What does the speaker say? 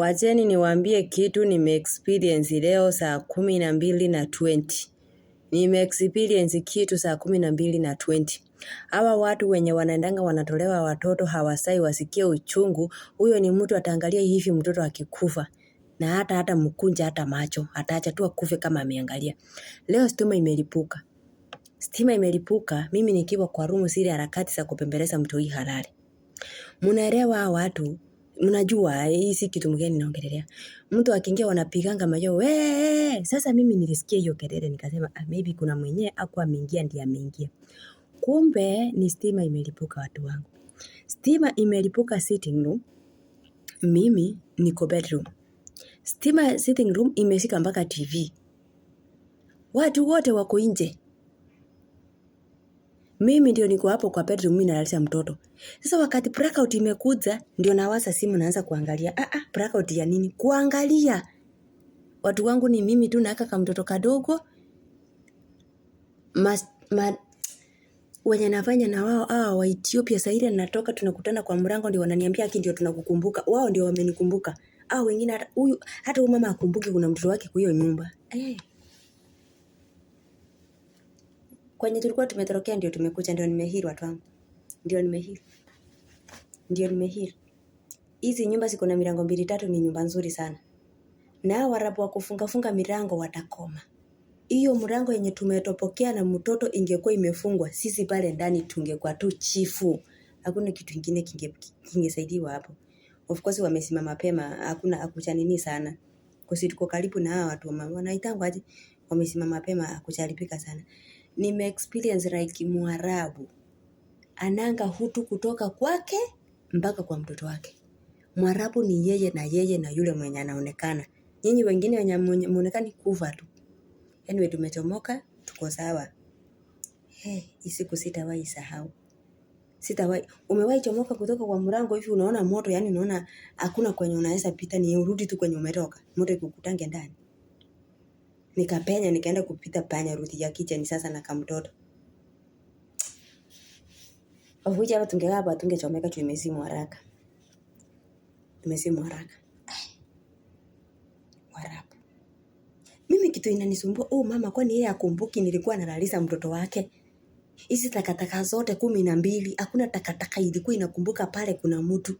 Wacheni niwaambie kitu nimeexperience leo saa kumi na mbili na twenty. Nimeexperience kitu saa kumi na mbili na 20. Hawa watu wenye wanaendanga wanatolewa watoto hawasai wasikie uchungu, huyo ni mtu ataangalia hivi mtoto akikufa. Na hata hata mkunja hata macho, ataacha tu akufe kama ameangalia. Leo stima imelipuka. Stima imelipuka, mimi nikiwa kwa rumu zile harakati za kupembeleza mtu hii halali. Munaelewa hawa watu mnajua hii si kitu mgeni naongelelea. Mtu akiingia wanapiganga mayo we. Sasa mimi nilisikia hiyo kelele nikasema ah, maybe kuna mwenye aku ameingia ndiye ameingia. Kumbe ni stima imelipuka, watu wangu, stima imelipuka sitting room. Mimi niko bedroom, stima sitting room imeshika mpaka TV, watu wote wako nje. Mimi ndio niko hapo kwa bedroom mimi nalalisha mtoto. Sasa wakati blackout imekuja ndio nawaza simu naanza kuangalia. Ah ah, blackout ya nini? Kuangalia. Watu wangu ni mimi tu na kaka mtoto kadogo. Mas, ma, wenye nafanya na wao hawa wa Ethiopia saa ile natoka tunakutana kwa mlango ndio wananiambia haki ndio tunakukumbuka. Wao ndio wamenikumbuka. Au wengine hata huyu hata huyu mama akumbuki kuna mtoto wake kwa hiyo nyumba. Eh. Hey. Kwenye tulikuwa tumetorokea ndio tumekuja ndio nimehiri watu wangu. Ndio nimehiri. Ndio nimehiri. Hizi nyumba ziko na milango mbili tatu ni nyumba nzuri sana. Na warabu wa kufunga funga milango watakoma. Hiyo mlango yenye tumetopokea na mtoto ingekuwa imefungwa, sisi pale ndani tungekuwa tu chifu. Hakuna kitu kingine kingesaidiwa hapo. Of course wamesimama mapema, hakuna akucha nini sana. Kwa sisi, tuko karibu na hawa watu wanaitangwa aje? Wamesimama mapema akucharibika sana nime experience like muarabu ananga hutu kutoka kwake mpaka kwa mtoto wake mwarabu ni yeye na yeye na yule mwenye anaonekana nyinyi wengine wenye muonekani kuva tu anyway tumetomoka tuko sawa hey, eh, isiku sitawahi sahau sitawahi umewahi chomoka kutoka kwa mlango hivi unaona moto yani unaona hakuna kwenye unaweza pita ni urudi tu kwenye umetoka moto ikukutange ndani nikapenya nikaenda kupita panya ruti ya kitchen sasa na kamtoto ofuja hapa tungekaa hapa tungechomeka tu imesimu haraka. Imesimu haraka. Warabu. Mimi kitu inanisumbua, oh mama kwani yeye akumbuki nilikuwa nalalisa mtoto wake? Hizi takataka zote kumi na mbili, hakuna takataka ilikuwa inakumbuka pale kuna mtu.